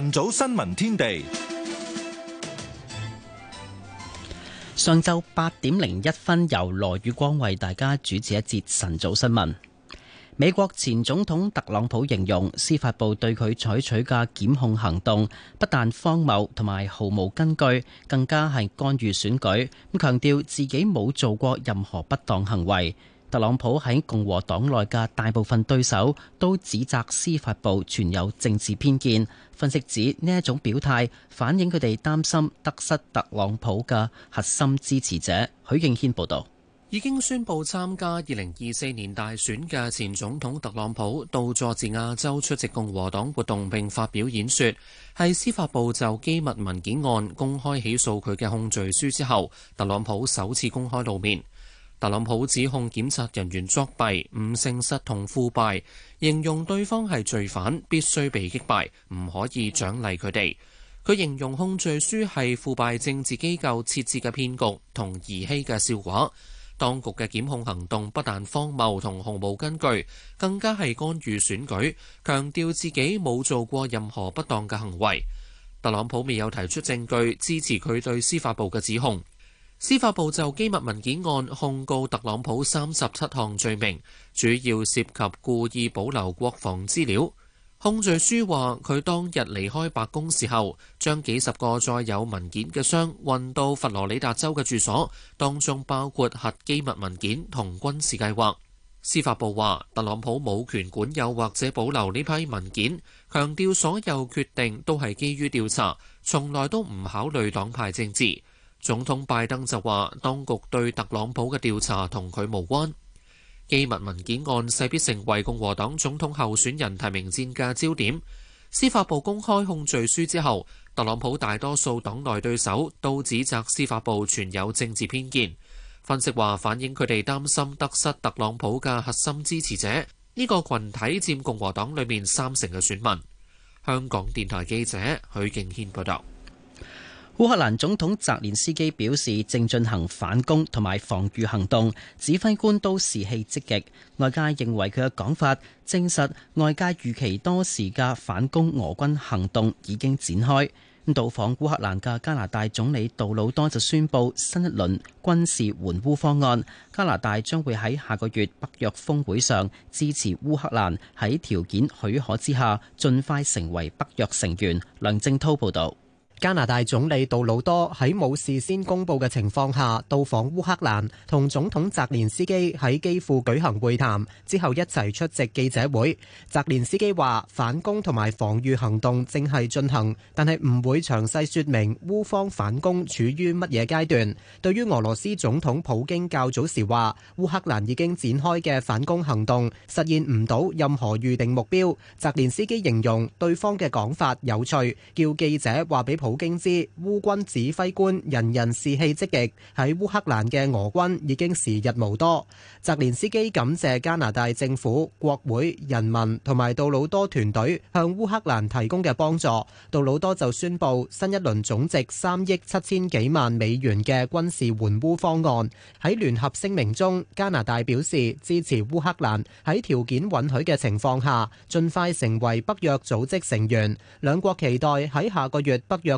晨早新聞天地，上晝八點零一分，由羅宇光為大家主持一節晨早新聞。美國前總統特朗普形容司法部對佢採取嘅檢控行動不但荒謬，同埋毫無根據，更加係干預選舉。咁強調自己冇做過任何不當行為。特朗普喺共和黨內嘅大部分對手都指責司法部存有政治偏見。分析指呢一種表態反映佢哋擔心得失特朗普嘅核心支持者。許敬軒報道：已經宣布參加二零二四年大選嘅前總統特朗普到佐治亞州出席共和黨活動，並發表演說。係司法部就機密文件案公開起訴佢嘅控罪書之後，特朗普首次公開露面。特朗普指控檢察人員作弊、唔誠實同腐敗，形容對方係罪犯，必須被擊敗，唔可以獎勵佢哋。佢形容控罪書係腐敗政治機構設置嘅騙局同兒戲嘅笑話。當局嘅檢控行動不但荒謬同毫無根據，更加係干預選舉，強調自己冇做過任何不當嘅行為。特朗普未有提出證據支持佢對司法部嘅指控。司法部就機密文件案控告特朗普三十七項罪名，主要涉及故意保留國防資料。控罪書話佢當日離開白宮時候，將幾十個載有文件嘅箱運到佛羅里達州嘅住所，當中包括核機密文件同軍事計劃。司法部話特朗普冇權管有或者保留呢批文件，強調所有決定都係基於調查，從來都唔考慮黨派政治。總統拜登就話，當局對特朗普嘅調查同佢無關。機密文件案勢必成為共和黨總統候選人提名戰嘅焦點。司法部公開控罪書之後，特朗普大多數黨內對手都指責司法部存有政治偏見。分析話，反映佢哋擔心得失特朗普嘅核心支持者呢個群體占共和黨裏面三成嘅選民。香港電台記者許敬軒報道。烏克蘭總統澤連斯基表示，正進行反攻同埋防禦行動，指揮官都士氣積極。外界認為佢嘅講法證實外界預期多時嘅反攻俄軍行動已經展開。到訪烏克蘭嘅加拿大總理杜魯多就宣布新一輪軍事援烏方案，加拿大將會喺下個月北約峰會上支持烏克蘭喺條件許可之下盡快成為北約成員。梁正濤報道。加拿大總理杜魯多喺冇事先公布嘅情況下到訪烏克蘭，同總統澤連斯基喺機庫舉行會談之後一齊出席記者會。澤連斯基話反攻同埋防禦行動正係進行，但係唔會詳細說明烏方反攻處於乜嘢階段。對於俄羅斯總統普京較早時話烏克蘭已經展開嘅反攻行動實現唔到任何預定目標，澤連斯基形容對方嘅講法有趣，叫記者話俾普。普京知烏軍指揮官人人士氣積極，喺烏克蘭嘅俄軍已經時日無多。澤連斯基感謝加拿大政府、國會、人民同埋杜魯多團隊向烏克蘭提供嘅幫助。杜魯多就宣布新一輪總值三億七千幾萬美元嘅軍事援烏方案。喺聯合聲明中，加拿大表示支持烏克蘭喺條件允許嘅情況下，盡快成為北約組織成員。兩國期待喺下個月北約。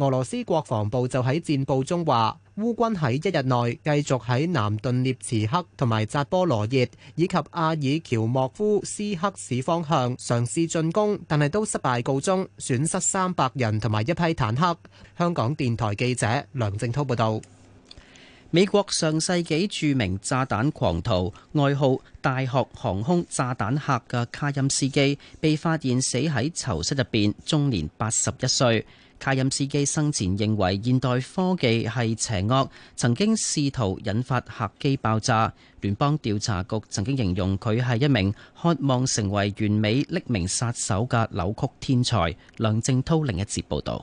俄羅斯國防部就喺戰報中話，烏軍喺一日內繼續喺南頓涅茨克同埋扎波羅熱以及阿爾喬莫夫斯克市方向嘗試進攻，但係都失敗告終，損失三百人同埋一批坦克。香港電台記者梁正濤報道。美國上世紀著名炸彈狂徒、外號大學航空炸彈客嘅卡恩斯基，被發現死喺囚室入邊，終年八十一歲。.卡任斯基生前認為現代科技係邪惡，曾經試圖引發客機爆炸。聯邦調查局曾經形容佢係一名渴望成為完美匿名殺手嘅扭曲天才。梁正濤另一節報道。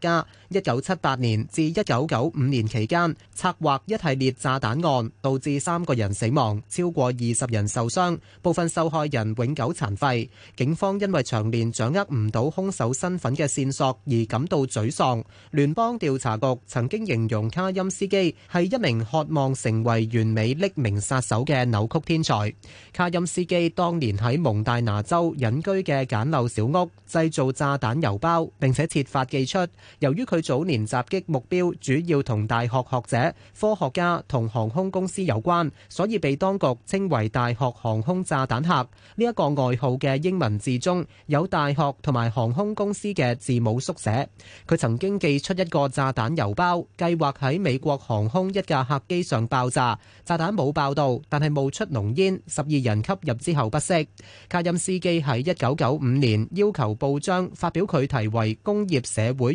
喺一九七八年至一九九五年期間，策劃一系列炸彈案，導致三個人死亡，超過二十人受傷，部分受害人永久殘廢。警方因為長年掌握唔到凶手身份嘅線索而感到沮喪。聯邦調查局曾經形容卡欽斯基係一名渴望成為完美匿名殺手嘅扭曲天才。卡欽斯基當年喺蒙大拿州隱居嘅簡陋小屋製造炸彈郵包，並且設法寄出。由於佢早年襲擊目標主要同大學學者、科學家同航空公司有關，所以被當局稱為大學航空炸彈客。呢一個外號嘅英文字中有大學同埋航空公司嘅字母縮寫。佢曾經寄出一個炸彈郵包，計劃喺美國航空一架客機上爆炸。炸彈冇爆到，但係冒出濃煙，十二人吸入之後不適。卡任司基喺一九九五年要求報章發表佢題為《工業社會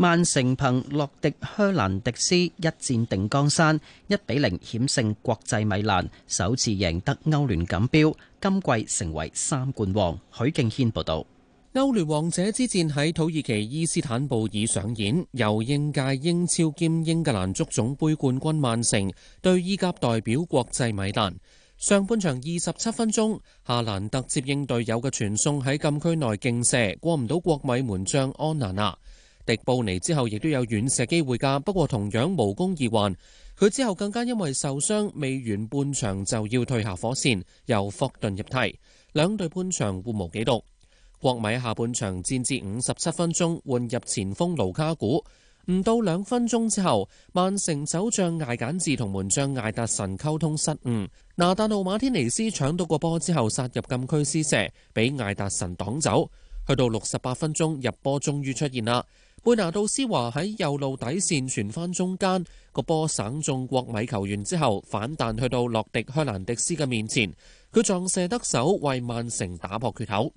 曼城憑洛迪·靴蘭迪斯一戰定江山，一比零險勝國際米蘭，首次贏得歐聯錦標，今季成為三冠王。許敬軒報道：歐聯王者之戰喺土耳其伊斯坦布爾上演，由應屆英超兼英格蘭足總杯冠軍曼城對意甲代表國際米蘭。上半場二十七分鐘，夏蘭特接應隊友嘅傳送喺禁區內勁射，過唔到國米門將安拿拿。迪布尼之後亦都有遠射機會㗎，不過同樣無功而還。佢之後更加因為受傷，未完半場就要退下火線，由霍頓入替。兩隊半場互無紀錄。國米下半場戰至五十七分鐘換入前鋒盧卡古，唔到兩分鐘之後，曼城守將艾簡治同門將艾達臣溝通失誤，拿達路馬天尼斯搶到個波之後殺入禁區施射，俾艾達臣擋走。去到六十八分鐘入波終於出現啦。貝拿度斯華喺右路底線傳返中間，個波省中國米球員之後反彈去到洛迪克蘭迪斯嘅面前，佢撞射得手為曼城打破缺口。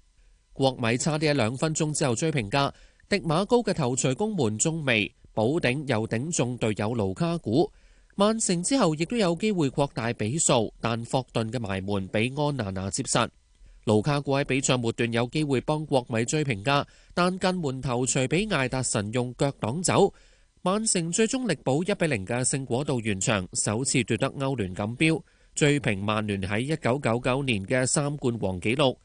國米差啲喺兩分鐘之後追平㗎。迪馬高嘅頭槌攻門中楣，補頂又頂中隊友盧卡古。曼城之後亦都有機會擴大比數，但霍頓嘅埋門俾安拿拿接殺。盧卡古喺比賽末段有機會幫國米追平噶，但近門頭除俾艾達臣用腳擋走，曼城最終力保一比零嘅勝果到完場，首次奪得歐聯錦標，追平曼聯喺一九九九年嘅三冠王紀錄。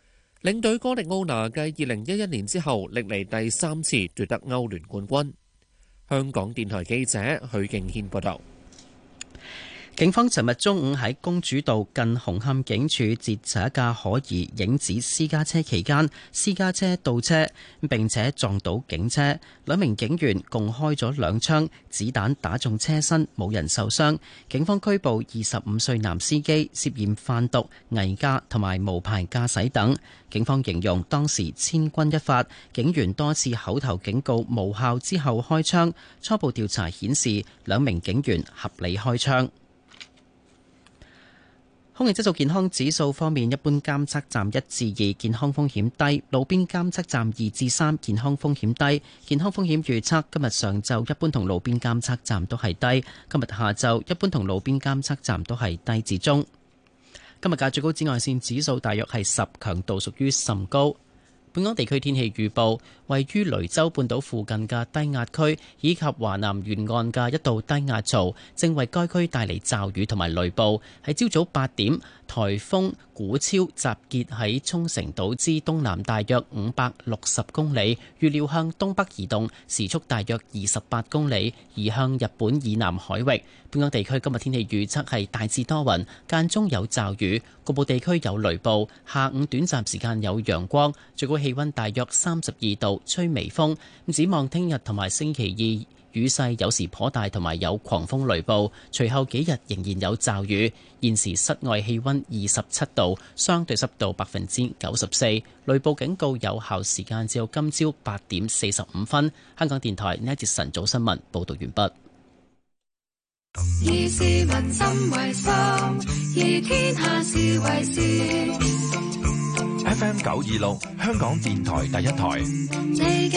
領隊哥迪奧拿繼二零一一年之後，歷嚟第三次奪得歐聯冠軍。香港電台記者許敬軒報道。警方尋日中午喺公主道近紅磡警署截查一架可疑影子私家車期間，私家車倒車並且撞到警車，兩名警員共開咗兩槍，子彈打中車身，冇人受傷。警方拘捕二十五歲男司機，涉嫌販毒、危駕同埋無牌駕駛等。警方形容當時千鈞一髮，警員多次口頭警告無效之後開槍。初步調查顯示，兩名警員合理開槍。空氣質素健康指數方面，一般監測站一至二，健康風險低；路邊監測站二至三，健康風險低。健康風險預測今日上晝一般同路邊監測站都係低，今日下晝一般同路邊監測站都係低至中。今日嘅最高紫外線指數大約係十，強度屬於甚高。本港地區天氣預報。位於雷州半島附近嘅低壓區，以及華南沿岸嘅一道低壓槽，正為該區帶嚟驟雨同埋雷暴。喺朝早八點，颱風古超集結喺沖繩島之東南大約五百六十公里，預料向東北移動，時速大約二十八公里，移向日本以南海域。本港地區今日天，天氣預測係大致多雲，間中有驟雨，局部地區有雷暴，下午短暫時間有陽光，最高氣温大約三十二度。吹微風，展望聽日同埋星期二，雨勢有時頗大，同埋有狂風雷暴。隨後幾日仍然有驟雨。現時室外氣温二十七度，相對濕度百分之九十四。雷暴警告有效時間至到今朝八點四十五分。香港電台呢一節晨早新聞報道完畢。FM 九二六香港電台第一台。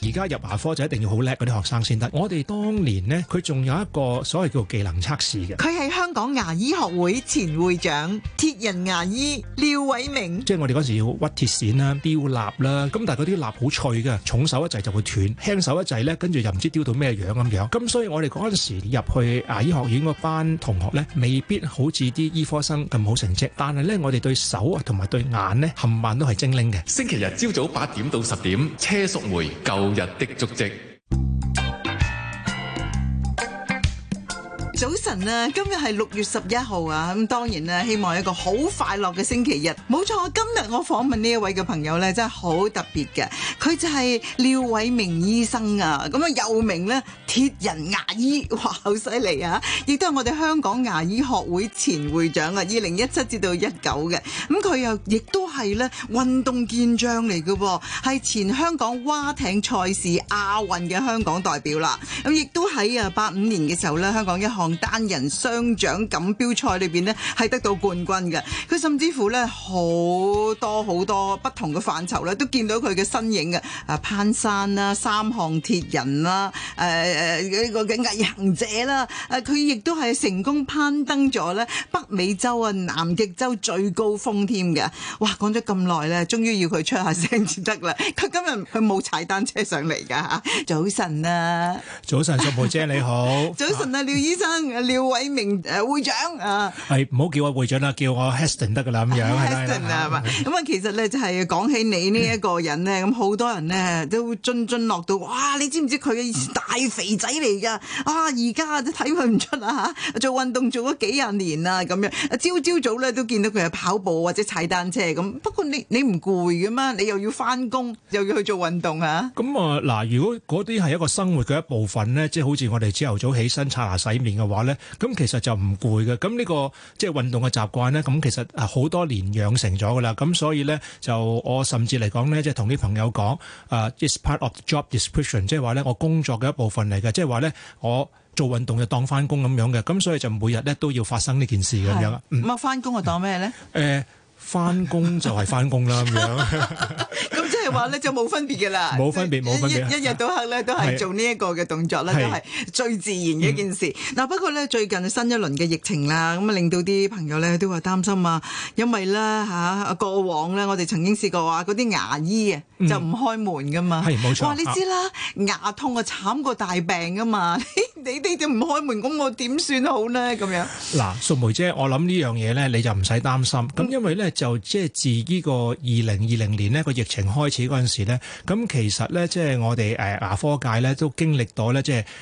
而家入牙科就一定要好叻嗰啲學生先得。我哋當年呢，佢仲有一個所謂叫技能測試嘅。佢係香港牙醫學會前會長、鐵人牙醫廖偉明。即係我哋嗰時要屈鐵線啦，雕蠟啦，咁但係嗰啲蠟好脆㗎，重手一滯就會斷，輕手一滯咧，跟住又唔知雕到咩樣咁樣。咁所以我哋嗰陣時入去牙醫學院嗰班同學咧，未必好似啲醫科生咁好成績，但係咧。我哋對手和同埋對眼呢，冚唪唥都係精靈嘅。星期日朝早八點到十點，車淑梅舊日的足迹。早晨啊，今日係六月十一號啊，咁當然啦，希望一個好快樂嘅星期日。冇錯，今日我訪問呢一位嘅朋友咧，真係好特別嘅。佢就係廖偉明醫生啊，咁啊又名咧鐵人牙醫哇，好犀利啊！亦都係我哋香港牙醫學會前會長啊，二零一七至到一九嘅。咁佢又亦都係咧運動健將嚟嘅，係前香港蛙艇賽事亞運嘅香港代表啦。咁亦都喺啊八五年嘅時候咧，香港一項。單人雙獎錦標賽裏邊呢，係得到冠軍嘅。佢甚至乎咧，好多好多不同嘅範疇咧，都見到佢嘅身影嘅、啊。啊，攀山啦，三項鐵人啦、啊，誒誒呢個嘅毅行者啦、啊，佢亦都係成功攀登咗咧北美洲啊南極洲最高峰添嘅。哇，講咗咁耐咧，終於要佢出下聲先得啦。佢今日佢冇踩單車上嚟噶。早晨啊，早晨，宋寶姐你好。早晨啊，廖醫生。廖偉明誒會長啊，係唔好叫我會長啦，叫我 Heston 得噶啦，咁樣叫 Heston 啦，係咪？咁啊，其實咧就係講起你呢一個人咧，咁好多人咧都津津樂道。哇，你知唔知佢嘅大肥仔嚟噶？啊，而家都睇佢唔出啦吓。做運動做咗幾廿年啦，咁樣。朝朝早咧都見到佢係跑步或者踩單車咁。不過你你唔攰噶嘛？你又要翻工，又要去做運動啊？咁啊嗱，如果嗰啲係一個生活嘅一部分咧，即係好似我哋朝頭早起身刷牙洗面咁。話咧，咁其實就唔攰嘅。咁、這、呢個即係運動嘅習慣咧，咁其實啊好多年養成咗噶啦。咁所以咧，就我甚至嚟講咧，即係同啲朋友講啊，this part of the job description，即係話咧，我工作嘅一部分嚟嘅，即係話咧，我做運動就當翻工咁樣嘅。咁所以就每日咧都要發生呢件事咁樣。咁啊是，翻工啊當咩咧？誒、呃。翻工就係翻工啦，咁樣。咁即係話咧，就冇分別嘅啦。冇分別，冇分別。一日到黑咧，都係做呢一個嘅動作啦，都係最自然嘅一件事。嗱，不過咧，最近新一輪嘅疫情啦，咁啊令到啲朋友咧都話擔心啊，因為咧吓過往咧，我哋曾經試過話嗰啲牙醫啊就唔開門噶嘛。係冇錯。哇，你知啦，牙痛啊慘過大病噶嘛，你你哋唔開門，咁我點算好咧？咁樣。嗱，淑梅姐，我諗呢樣嘢咧，你就唔使擔心。咁因為咧。就即係自呢個二零二零年呢個疫情開始嗰陣時咧，咁其實咧即係我哋誒牙科界咧都經歷到咧即係。就是